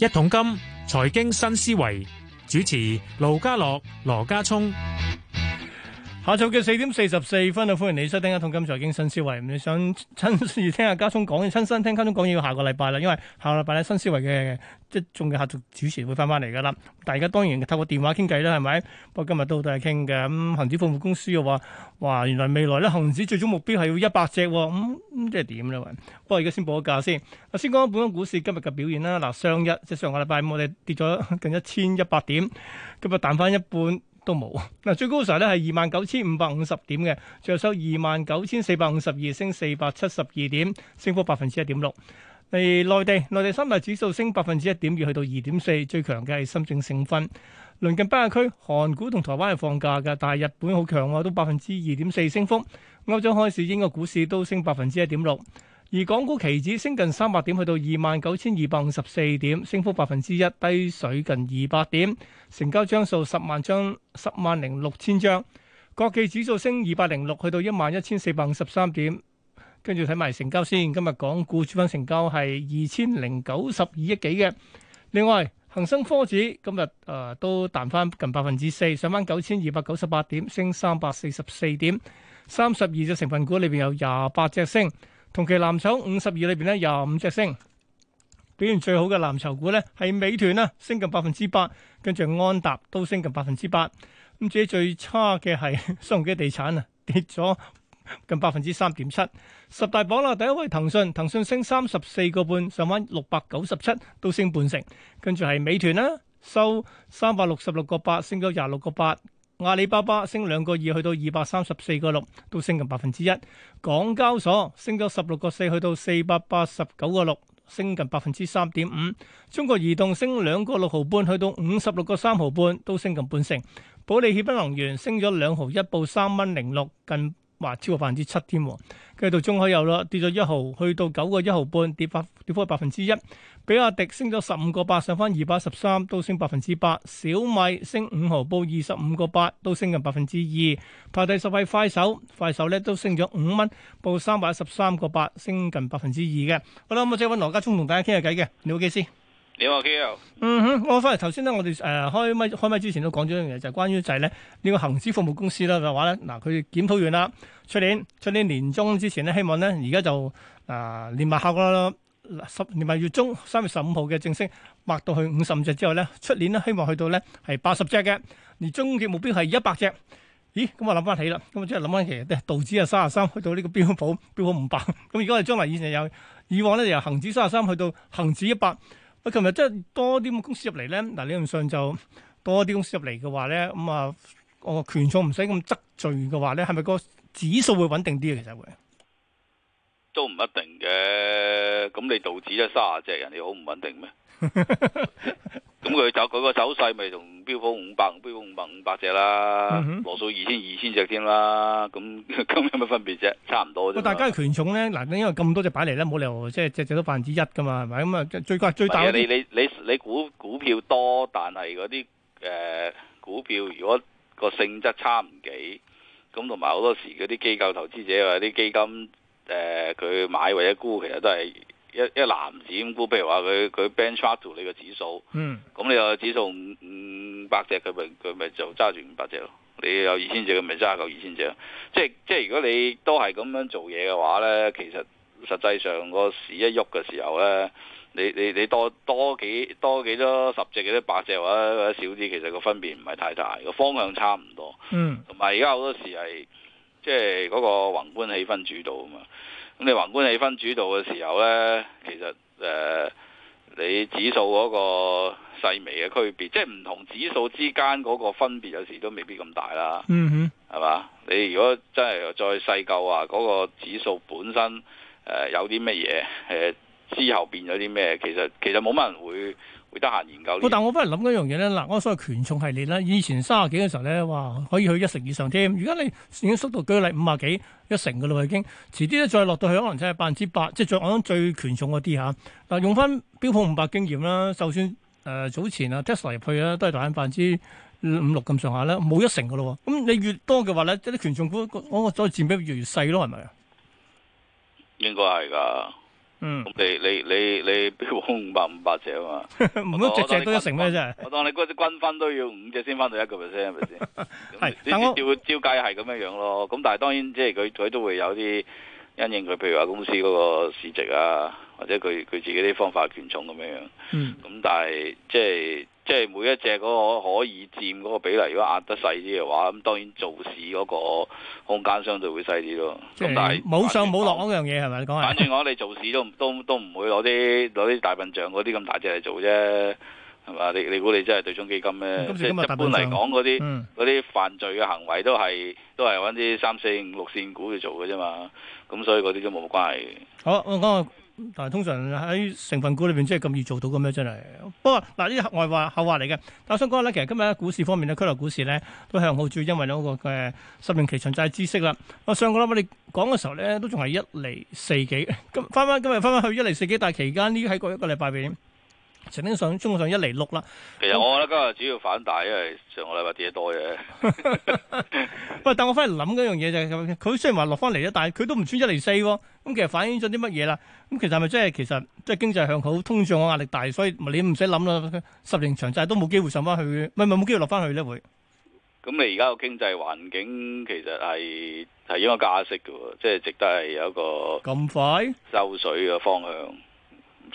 一桶金財經新思維主持盧家：盧家樂、羅家聰。下晝嘅四點四十四分啊，歡迎你收聽《一桶金財經新思維》。你想親自聽阿家聰講嘢，親身聽家聰講嘢，要下個禮拜啦。因為下個禮拜咧新思維嘅即係仲嘅客席主持會翻返嚟㗎啦。大家當然透過電話傾偈啦，係咪？不過今日都都係傾嘅。咁恒指服務公司嘅話：話原來未來咧恒指最終目標係要一百隻，咁、嗯、咁即係點喂，不過而家先報個價先。先講下本港股市今日嘅表現啦。嗱，雙一即係上個禮拜我哋跌咗近一千一百點，今日彈翻一半。都冇嗱，最高嘅時候咧係二萬九千五百五十點嘅，最後收二萬九千四百五十二，升四百七十二點，升幅百分之一點六。嚟，內地，內地三大指數升百分之一點二，去到二點四。最強嘅係深圳成分。鄰近北亞區，韓股同台灣係放假嘅，但係日本好強喎，都百分之二點四升幅。歐洲開始，英國股市都升百分之一點六。而港股期指升近三百點，去到二萬九千二百五十四點，升幅百分之一，低水近二百點，成交張數十萬張，十萬零六千張。國企指數升二百零六，去到一萬一千四百五十三點。跟住睇埋成交先，今日港股主板成交係二千零九十二億幾嘅。另外，恒生科指今日誒、呃、都彈翻近百分之四，上翻九千二百九十八點，升三百四十四點。三十二隻成分股裏邊有廿八隻升。同期藍籌五十二裏邊咧，廿五隻升，表現最好嘅藍籌股咧，係美團啊，升近百分之八，跟住安踏都升近百分之八。咁至於最差嘅係新鴻基地產啊，跌咗近百分之三點七。十大榜啦，第一位騰訊，騰訊升三十四個半，上翻六百九十七，都升半成。跟住係美團啦，收三百六十六個八，升咗廿六個八。阿里巴巴升兩個二去到二百三十四個六，都升近百分之一。港交所升咗十六個四去到四百八十九個六，升近百分之三點五。中國移動升兩個六毫半去到五十六個三毫半，都升近半成。保利協鑫能源升咗兩毫一，報三蚊零六，近。話超過百分之七添，跟住到中海油啦，跌咗一毫，去到九個一毫半，跌百跌幅百分之一，比亞迪升咗十五個八，上翻，二百十三，都升百分之八，小米升五毫，報二十五個八，都升近百分之二，排第十位快手，快手咧，都升咗五蚊，報三百十三個八，升近百分之二嘅。好啦，咁我即係揾羅家聰同大家傾下偈嘅。你好，記者。你好，阿 Joe。嗯哼，我翻嚟頭先咧，我哋誒開咪開咪之前都講咗一樣嘢，就係、是、關於就咧呢個恒指服務公司啦嘅話咧嗱，佢檢討完啦。出年出年年中之前咧，希望咧而家就誒、呃、連埋下個十連埋月中三月十五號嘅正式擘到去五十五隻之後咧，出年咧希望去到咧係八十隻嘅，而終極目標係一百隻。咦？咁我諗翻起啦，咁即係諗翻其實道指啊三十三去到呢個標普標普五百咁，而家係將來以前有以往咧由恒指三十三去到恒指一百。我琴日即係多啲公司入嚟咧，嗱理論上就多啲公司入嚟嘅話咧，咁啊，個權重唔使咁積聚嘅話咧，係咪個指數會穩定啲啊？其實會都唔一定嘅，咁你道指都卅隻，人哋好唔穩定咩？ 咁佢就佢個走勢咪同標普五百、標普五百五百隻啦，羅素二千二千隻添啦，咁咁有乜分別啫？差唔多啫。個大家權重咧，嗱，因為咁多隻擺嚟咧，冇理由即係隻隻都百分之一㗎嘛，係咪？咁啊，最貴最大啲。你你你你股股票多，但係嗰啲誒股票如果個性質差唔幾，咁同埋好多時嗰啲機構投資者或者啲基金誒，佢、呃、買或者沽，其實都係。一一籃子咁，估譬如話佢佢 benchmark 你個指數，咁、mm. 你有指數五五百隻，佢咪佢咪就揸住五百隻咯。你有二千隻，佢咪揸夠二千隻。即即係如果你都係咁樣做嘢嘅話咧，其實實際上個市一喐嘅時候咧，你你你多多幾，多幾多幾多十隻幾多百隻或者少啲，其實個分別唔係太大，個方向差唔多。嗯、mm.，同埋而家好多時係即係嗰個宏觀氣氛主導啊嘛。咁你宏觀氣氛主導嘅時候呢，其實誒、呃，你指數嗰個細微嘅區別，即係唔同指數之間嗰個分別，有時都未必咁大啦。嗯哼、mm，係、hmm. 嘛？你如果真係再細究話，嗰個指數本身誒、呃、有啲乜嘢？誒、呃、之後變咗啲咩？其實其實冇乜人會。得閒研，研究。但我不如諗一樣嘢咧，嗱，我所謂權重系列咧，以前卅幾嘅時候咧，哇，可以去一成以上添。如果你已經縮到距離，舉例五啊幾一成噶啦，已經。遲啲咧再落到去，可能就係百分之八，即係再講最權重嗰啲吓。嗱、啊，用翻標普五百經驗啦，就算誒、呃、早前啊 Tesla 入去啦，都係大概百分之五六咁上下啦，冇一成噶咯。咁你越多嘅話咧，即係啲權重股，我我所以占比越嚟越細咯，係咪？應該係噶。嗯，你你你你，比如講五百五百隻啊嘛，唔好直借都成咩啫？ 我當你嗰啲均分都要五隻先翻到一個 percent，係咪先？照照計係咁樣樣咯，咁但係當然即係佢佢都會有啲因應佢，譬如話公司嗰個市值啊。或者佢佢自己啲方法權重咁樣樣，咁、嗯、但係即係即係每一隻嗰個可以佔嗰個比例，如果壓得細啲嘅話，咁當然做市嗰個空間相對會細啲咯。咁是但係冇上冇落嗰樣嘢係咪？你講反正我哋做市都都都唔會攞啲攞啲大笨象嗰啲咁大隻嚟做啫，係嘛？你你估你真係對沖基金咩？今今一般嚟講，嗰啲啲犯罪嘅行為都係都係揾啲三四五六線股去做嘅啫嘛。咁所以嗰啲都冇乜關係。好，我講。但係通常喺成分股裏邊真係咁易做到嘅咩？真係。不過嗱呢啲外話後話嚟嘅，但我想講咧，其實今日喺股市方面咧，區內股市咧都向好主要，因為嗰、那個嘅、呃、十年期長債孳息啦。我上個禮拜你講嘅時候咧，都仲係一厘四幾，今翻翻今日翻翻去一厘四幾，但係期間呢喺過一個禮拜邊。曾經上，中午上一厘六啦。其實我覺得今日主要反彈、就是，因為上個禮拜跌得多嘅。喂，但我反嚟諗嗰樣嘢就係咁，佢雖然話落翻嚟一但係佢都唔穿一厘四喎。咁其實反映咗啲乜嘢啦？咁其實係咪即係其實即係經濟向好，通脹嘅壓力大，所以你唔使諗啦。十年長債都冇機會上翻去，係咪冇機會落翻去咧會。咁你而家個經濟環境其實係係應該加息嘅，即係、就是、值得係有一個咁快收水嘅方向。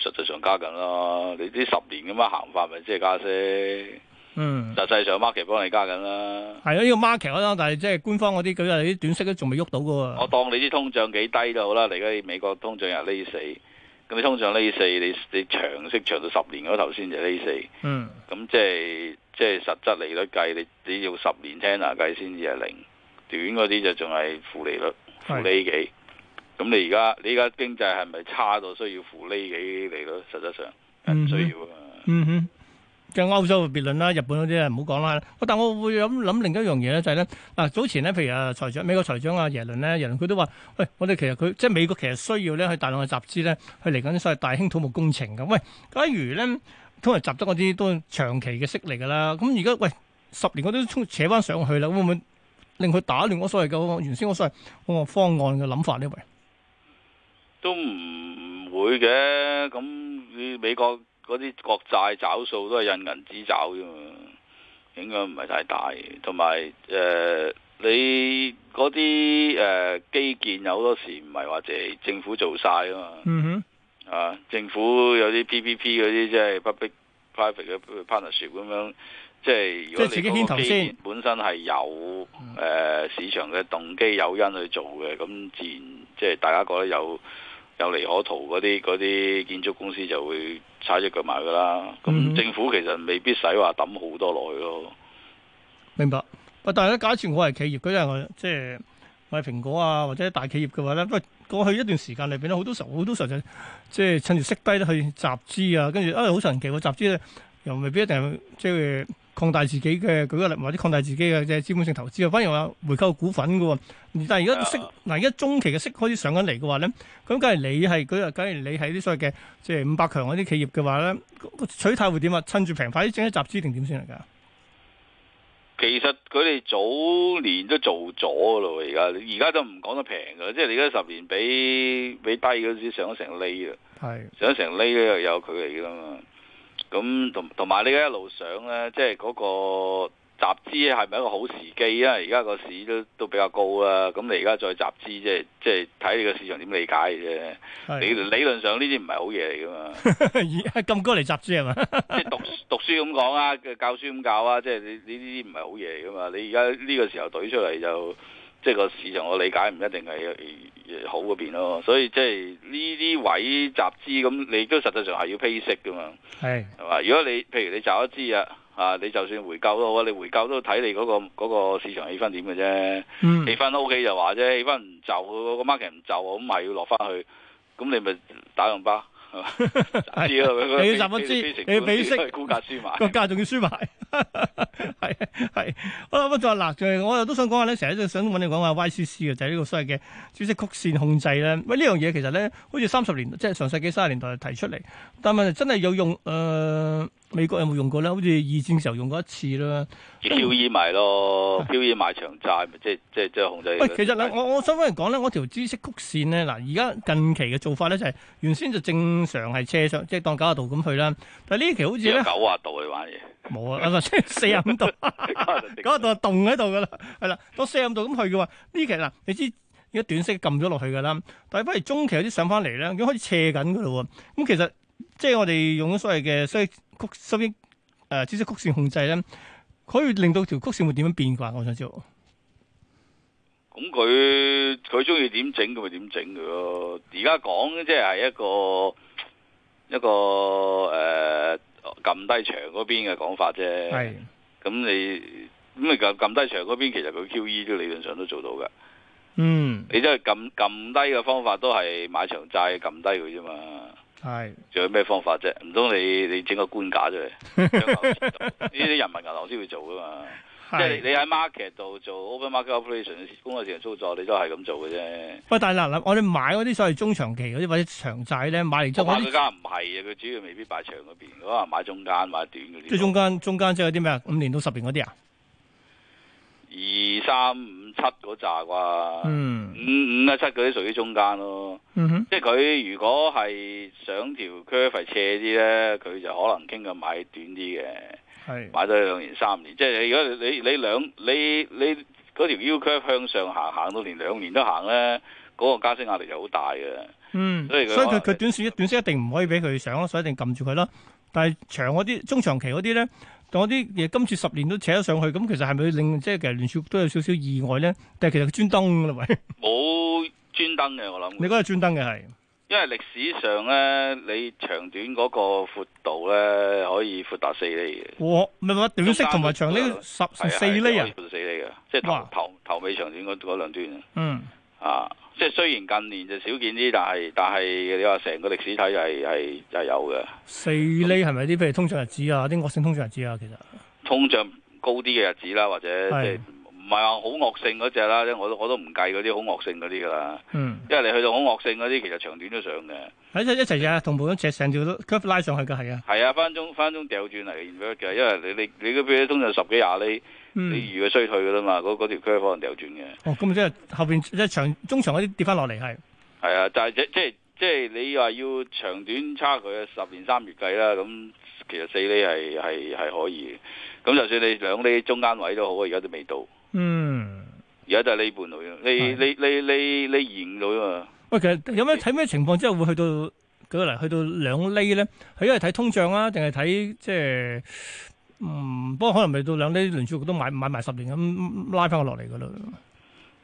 實，嗯、實際上加緊啦，你啲十年咁樣行法咪即係加息。嗯，實際上 market 幫你加緊啦。係啊，呢、這個 market 可能，但係即係官方嗰啲，佢哋啲短息都仲未喐到嘅喎。我當你啲通脹幾低都好啦，嚟緊美國通脹又呢四，咁你通脹呢四，你你長息長到十年嗰頭先就呢四。嗯。咁即係即係實質利率計，你你要十年 tenner 計先至係零，短嗰啲就仲係負利率，負呢幾。咁你而家你而家經濟係咪差到需要負累起嚟咯？實質上，唔需要啊、嗯。嗯哼，即、嗯、係歐洲嘅別論啦，日本嗰啲唔好講啦。但我會諗諗另一樣嘢咧，就係咧嗱，早前咧，譬如啊，財長美國財長啊耶倫咧，耶倫佢都話：喂，我哋其實佢即係美國其實需要咧去大量嘅集資咧，去嚟緊所謂大興土木工程咁。喂，假如咧，通常集得嗰啲都長期嘅息嚟㗎啦。咁而家喂十年我都扯翻上去啦，會唔會令佢打亂我所謂嘅原先我所謂嗰方案嘅諗法呢？喂？都唔會嘅，咁你美國嗰啲國債找數都係印銀紙找啫嘛，應該唔係太大。同埋誒，你嗰啲誒基建有好多時唔係話即係政府做晒啊嘛。嗯哼。啊，政府有啲 P P P 嗰啲即係 public private 嘅 partnership 咁樣，即係如果你嗰啲基建本身係有誒、嗯、哼市場嘅動機有因去做嘅，咁自然即係大家覺得有。有利可圖嗰啲，啲建築公司就會踩一腳埋噶啦，咁政府其實未必使話抌好多落去咯。明白，但係咧，假設我係企業，舉、就、例、是、我即係我係蘋果啊，或者大企業嘅話咧，不過過去一段時間裏面，變咗好多時好多時候就即係趁住息低去集資啊，跟住啊好神奇喎，集資咧又未必一定即係。就是擴大自己嘅舉個例，或者擴大自己嘅即係資本性投資啊，反而話回購股份噶。而但係而家息嗱，而家、啊、中期嘅息開始上緊嚟嘅話咧，咁假如你係嗰個，假如你係啲所謂嘅即係五百強嗰啲企業嘅話咧，取態會點啊？趁住平快啲整一集資定點先嚟噶？其實佢哋早年都做咗噶咯，而家而家都唔講得平噶，即係你而家十年比比低嗰時上咗成厘啦，係上咗成厘咧又有佢嚟噶嘛。咁同同埋你而家一路想咧，即係嗰個集資係咪一個好時機啊？而家個市都都比較高啦。咁你而家再集資，即係即係睇你個市場點理解嘅啫。理的理論上呢啲唔係好嘢嚟噶嘛。咁高嚟集資係嘛？即 係讀讀書咁講啊，教書咁教啊。即係你呢啲唔係好嘢嚟噶嘛？你而家呢個時候隊出嚟就。即係個市場我理解唔一定係好嗰邊咯，所以即係呢啲位集資咁，你都實際上係要 pay 息噶嘛。係係嘛？如果你譬如你集一資啊，啊你就算回購都好啊，你回購都睇你嗰、嗰個嗰個市場氣氛點嘅啫。氣氛 O K 就話啫，氣氛唔就個 market 唔就，咁、那、咪、個那個、要落翻去，咁你咪打兩巴。你要集資？比你要比息，個價仲要輸埋。係係， 好啦，咁就嗱，就我又都想講下咧，成日都想揾你講下 YCC 嘅，就係呢個所謂嘅孳息曲線控制咧。喂，呢樣嘢其實咧，好似三十年，即係上世紀三十年代提出嚟，但係真係有用誒。呃美國有冇用過咧？好似二戰嘅時候用過一次啦。QE 埋咯，QE 買長債，即係即係即係控制。其實嗱，我我想翻嚟講咧，我條孳息曲線咧嗱，而家近期嘅做法咧就係原先就正常係斜上，即係當九十度咁去啦。但係呢期好似咧九十度去玩嘢，冇啊，四十五度九十度啊，凍喺度噶啦，係啦，當四十五度咁去嘅話，呢期嗱，你知而家短息撳咗落去噶啦，但係反而中期有啲上翻嚟咧，咁開始斜緊噶啦喎。咁其實即係我哋用咗所謂嘅，所以。曲收益誒知識曲線控制咧，可以令到條曲線會點樣變啩？我想知。咁佢佢中意點整，佢咪點整佢咯？而家講即係一個一個誒撳、呃、低長嗰邊嘅講法啫。係是。咁你咁你撳撳低長嗰邊？其實佢 QE 都理論上都做到嘅。嗯。你即係撳撳低嘅方法都係買長債撳低佢啫嘛。係，仲是有咩方法啫？唔通你你整個官假啫？呢啲 人民銀行先會做噶嘛？是即係你喺 market 度做 open market operation，公開市場操作，你都係咁做嘅啫。喂，但係嗱嗱，我哋買嗰啲所謂中長期嗰啲或者長債咧，買嚟之後，佢家唔係啊？佢主要未必擺長嗰邊，可能買中間買短嗰啲。即係中間中間即係有啲咩啊？五年到十年嗰啲啊？三五七嗰紮啩，五、嗯、五啊七嗰啲屬於中間咯，嗯、哼即係佢如果係上條 curve 斜啲咧，佢就可能傾佢買短啲嘅，是買咗兩年三年。即係如果你你兩你你嗰條 U curve 向上行，行到連兩年都行咧，嗰、嗰個加息壓力就好大嘅。嗯，所以佢佢短線短息一定唔可以俾佢上咯，所以一定撳住佢咯。但係長嗰啲中長期嗰啲咧。但嗰啲嘢今次十年都扯咗上去，咁其實係咪令即係其實聯儲局都有少少意外咧？但係其實佢專登㗎喇喂，冇專登嘅我諗。你嗰個專登嘅係，因為歷史上咧，你長短嗰個闊度咧可以闊達四釐嘅。我唔係話短息同埋長呢十四釐啊！哇！頭頭尾長短嗰嗰兩段。嗯。啊！即係雖然近年就少見啲，但係但係你話成個歷史睇，係係係有嘅。四厘係咪啲譬如通脹日子啊，啲惡性通脹日子啊，其實通脹高啲嘅日子啦，或者即係唔係話好惡性嗰隻啦？即我都我都唔計嗰啲好惡性嗰啲㗎啦。嗯，因為你去到好惡性嗰啲，其實長短都上嘅。喺一起一齊嘅同步，成成條 curve 拉上去㗎，係啊，係啊，分分鐘分分鐘掉轉嚟嘅，因為你你你嗰邊通常十幾廿厘。嗯、你如果衰退嘅啦嘛，嗰嗰條 curve 可能掉轉嘅。哦，咁即係後邊即係長中長嗰啲跌翻落嚟，係係啊，但係即即即係你話要長短差距啊，十年三月計啦，咁其實四厘係係係可以嘅。咁就算你兩厘中間位都好，啊，而家都未到。嗯，而家就係呢半率啊，你的你你你你二五率啊。喂，其實有咩睇咩情況之後會去到幾多厘？去到兩厘咧，佢因為睇通脹啊，定係睇即係？嗯，不過可能未到兩厘，聯儲局都買買埋十年咁拉翻落嚟噶啦。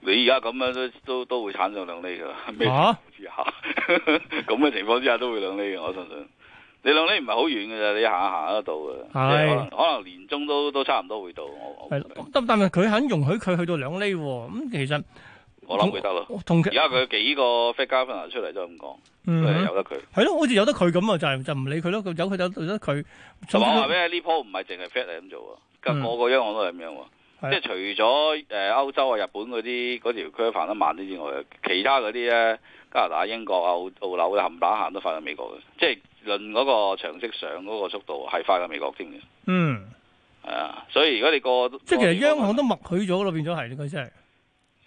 你而家咁樣都都都會產生兩厘噶啦。吓，咁嘅、啊、 情況之下都會兩厘，我相信。你兩厘唔係好遠噶咋，你行行得到噶。是可能可能年中都都差唔多會到。我是我係咯，但但係佢肯容許佢去到兩厘，咁、嗯、其實。我諗佢得咯，而家佢幾個 Fed Governor 出嚟都咁講，嗯，由得佢，係咯，好似由得佢咁啊，就就唔理佢咯，佢由佢由得佢。就話咩呢？呢鋪唔係淨係 Fed 嚟咁做啊，個個央行都係咁樣喎，的即係除咗誒、呃、歐洲啊、日本嗰啲嗰條 curve 行得慢啲之外，其他嗰啲咧，加拿大、英國啊、澳，澳紐啊，冚打行都快過美國嘅，即係論嗰個長息上嗰個速度係快過美國添嘅。嗯，係啊，所以如果你個即係是 其實央行都默許咗咯，變咗係應該真係。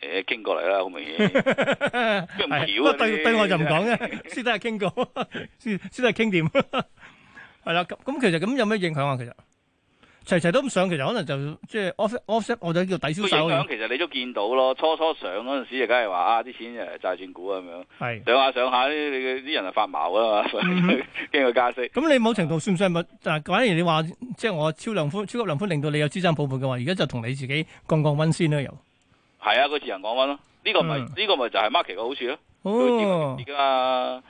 誒，傾過嚟啦，好明顯。咁對對我就唔講嘅，先得係傾過，先得係傾掂。係啦，咁咁其實咁有咩影響啊？其實齊齊都唔上，其實可能就即係 off，offset，我就叫抵消手。其實你都見到咯，初初上嗰陣時，而家係話啊啲錢誒，債券股咁樣。係上下上下，你啲人係發毛噶嘛，驚佢加息。咁你某程度算唔算物？但係反而你話，即係我超量寬、超級量寬令到你有資產泡沫嘅話，而家就同你自己降降温先啦，又。係啊，次港灣這個市場降溫咯，呢、嗯、個咪呢個咪就係 market 嘅好處咯。而家、哦、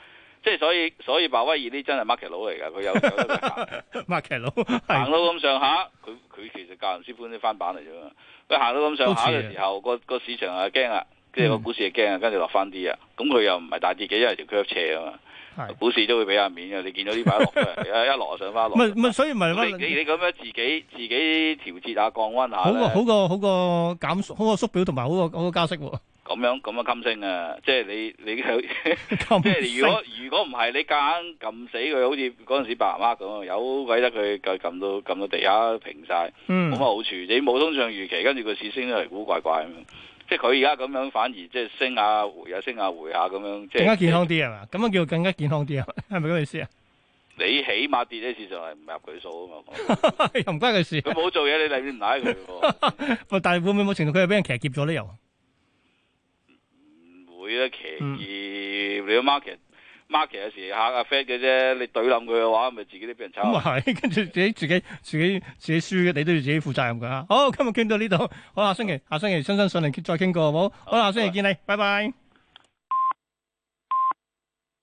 即係所以所以，鮑威爾呢真係 market 佬嚟噶，佢有 market 佬行到咁上下，佢佢的其實教人師傅啲翻版嚟啫嘛。佢行到咁上下嘅時候，時候那個、那個市場啊驚啊，即係個股市啊驚啊，跟住落翻啲啊，咁佢又唔係大跌嘅，因為條 curve 斜啊嘛。是股市都會俾下面嘅，你見到呢排落嘅，一落， 一落上翻落。唔係唔係， 所以唔係你你咁樣自己自己調節下、降溫下好過好過好過減好過縮表同埋好過好過加息喎。咁樣咁樣金星啊！即係你你，你 星即係如果如果唔係你夾硬撳死佢，好似嗰陣時八萬五咁，有鬼得佢就撳到撳到地下平晒，冇乜、嗯、好處。你冇通脹預期，跟住個市升得嚟，古怪怪。即係佢而家咁樣反而即係升下回下升下回下咁樣，即係更加健康啲係嘛？咁樣叫更加健康啲係咪？係咪咁意思啊？你起碼跌嘅事就係唔入佢數啊嘛？又唔關佢事。佢冇做嘢，你嚟邊拉佢？但會唔會冇程度佢係俾人騎劫咗呢？又唔會啊，騎劫、嗯、你個 market。market 有時嚇阿 fat 嘅啫，你對冧佢嘅話，咪自己都畀人炒。咁啊係，跟住自己自己自己自己，自己輸，你都要自己負責任㗎。好，今日傾到呢度，好下星期下星期親身上嚟再傾過好冇？好，下星期，下星期好好見你，拜拜。拜拜。